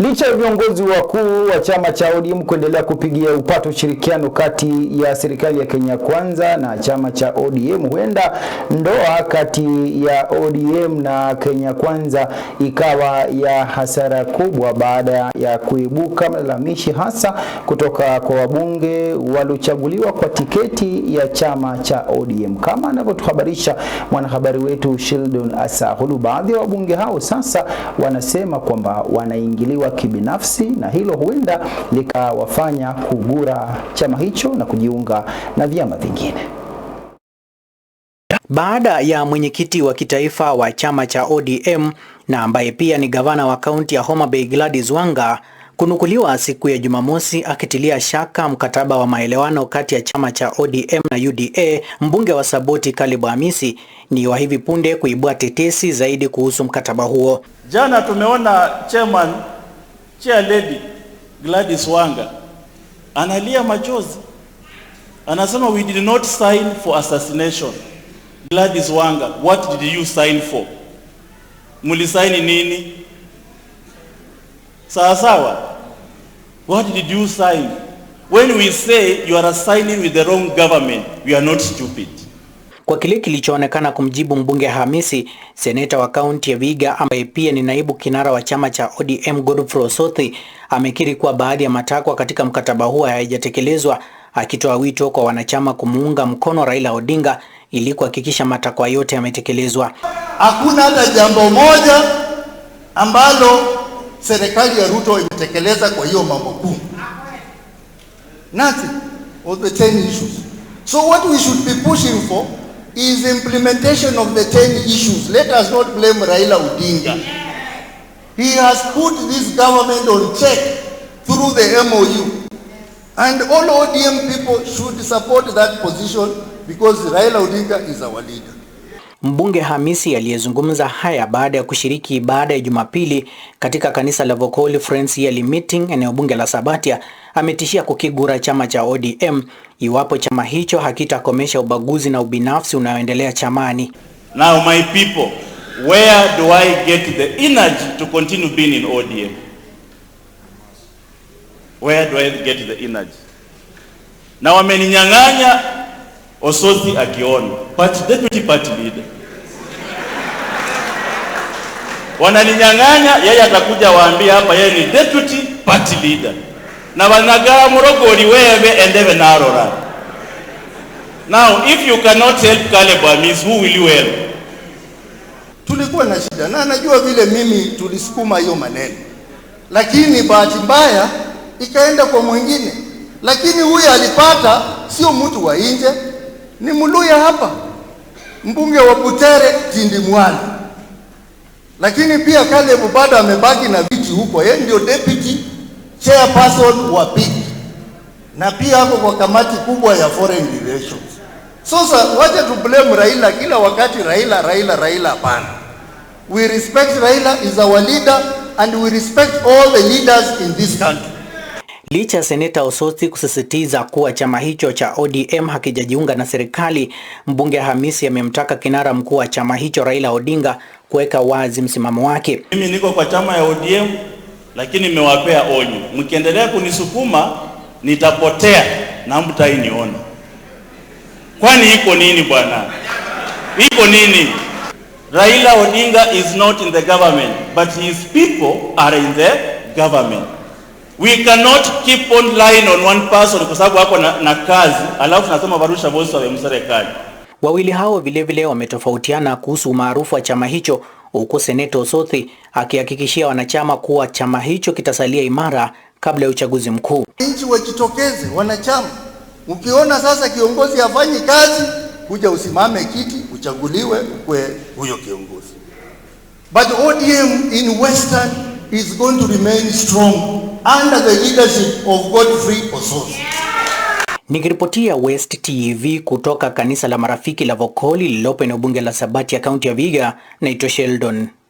Licha ya viongozi wakuu wa chama cha ODM kuendelea kupigia upato ushirikiano kati ya serikali ya Kenya Kwanza na chama cha ODM, huenda ndoa kati ya ODM na Kenya Kwanza ikawa ya hasara kubwa baada ya kuibuka malalamishi hasa kutoka kwa wabunge waliochaguliwa kwa tiketi ya chama cha ODM, kama anavyotuhabarisha mwanahabari wetu Sheldon Asahulu. Baadhi ya wabunge hao sasa wanasema kwamba wanaingiliwa wa kibinafsi, na hilo huenda likawafanya kugura chama hicho na kujiunga na vyama vingine. Baada ya mwenyekiti wa kitaifa wa chama cha ODM na ambaye pia ni gavana wa kaunti ya Homa Bay Gladys Wanga kunukuliwa siku ya Jumamosi akitilia shaka mkataba wa maelewano kati ya chama cha ODM na UDA, mbunge wa Saboti Kalibu Hamisi ni wa hivi punde kuibua tetesi zaidi kuhusu mkataba huo. Jana tumeona chairman Chair Lady Gladys Wanga analia machozi, anasema we did not sign for assassination. Gladys Wanga, what did you sign for? Mulisaini nini? Sawa sawa. What did you sign? When we say you are signing with the wrong government, we are not stupid kwa kile kilichoonekana kumjibu mbunge Hamisi, seneta wa kaunti ya Vihiga ambaye pia ni naibu kinara wa chama cha ODM Godfrey Osothi amekiri kuwa baadhi ya matakwa katika mkataba huo hayajatekelezwa, akitoa wito kwa wanachama kumuunga mkono Raila Odinga ili kuhakikisha matakwa yote yametekelezwa. Hakuna hata jambo moja ambalo serikali ya Ruto imetekeleza kwa hiyo mambo kumi. Nothing of the 10 issues. So what we should be pushing for is implementation of the 10 issues. Let us not blame Raila Odinga. He has put this government on check through the MOU. And all ODM people should support that position because Raila Odinga is our leader. Mbunge Hamisi aliyezungumza haya baada ya kushiriki ibada ya Jumapili katika kanisa la Vocal Friends Yearly Meeting eneo bunge la Sabatia ametishia kukigura chama cha ODM iwapo chama hicho hakitakomesha ubaguzi na ubinafsi unaoendelea chamani. Now my people, where do I get the energy to continue being in ODM? Where do I get the energy? Na wameninyang'anya osozi akiona party deputy party leader wananinyang'anya, yeye atakuja waambia hapa yeye ni deputy party leader na wanagara murogori wewe endeve narora. Now if you cannot help Caleb Amis, who will you help? Tulikuwa na shida na najua vile mimi tulisukuma hiyo maneno, lakini bahati mbaya ikaenda kwa mwingine, lakini huyu alipata sio mtu wa nje ni Mluya hapa, mbunge wa Butere Tindi Mwali, lakini pia Caleb bado amebaki na viti huko. Yeye ndio deputy chairperson wa pik na pia ako kwa kamati kubwa ya foreign relations. Sasa wacha tu blame Raila kila wakati, Raila Raila Raila. Hapana, we respect Raila is our leader and we respect all the leaders in this country. Licha ya seneta Osoti kusisitiza kuwa chama hicho cha ODM hakijajiunga na serikali, mbunge Hamisi amemtaka kinara mkuu wa chama hicho Raila Odinga kuweka wazi msimamo wake. Mimi niko kwa chama ya ODM, lakini nimewapea onyo, mkiendelea kunisukuma nitapotea na mtainiona. Kwani iko nini bwana? Iko nini? Raila Odinga is not in the government, but his people are in the government. We cannot keep on lying on one person kwa sababu hako na, na kazi alafu tunasema varusha bosi wa serikali. Wawili hao vilevile wametofautiana kuhusu umaarufu wa chama hicho huku Seneta Osothi akihakikishia wanachama kuwa chama hicho kitasalia imara kabla ya uchaguzi mkuu. Nchi wajitokeze wanachama, ukiona sasa kiongozi hafanyi kazi, kuja usimame kiti uchaguliwe, ukwe huyo kiongozi. But ODM in Western is going to remain strong under the leadership of Godfrey Osoro. Nikiripotia West TV kutoka kanisa la marafiki la Vokoli lililopo eneo bunge la Sabati ya kaunti ya Vihiga, naitwa Sheldon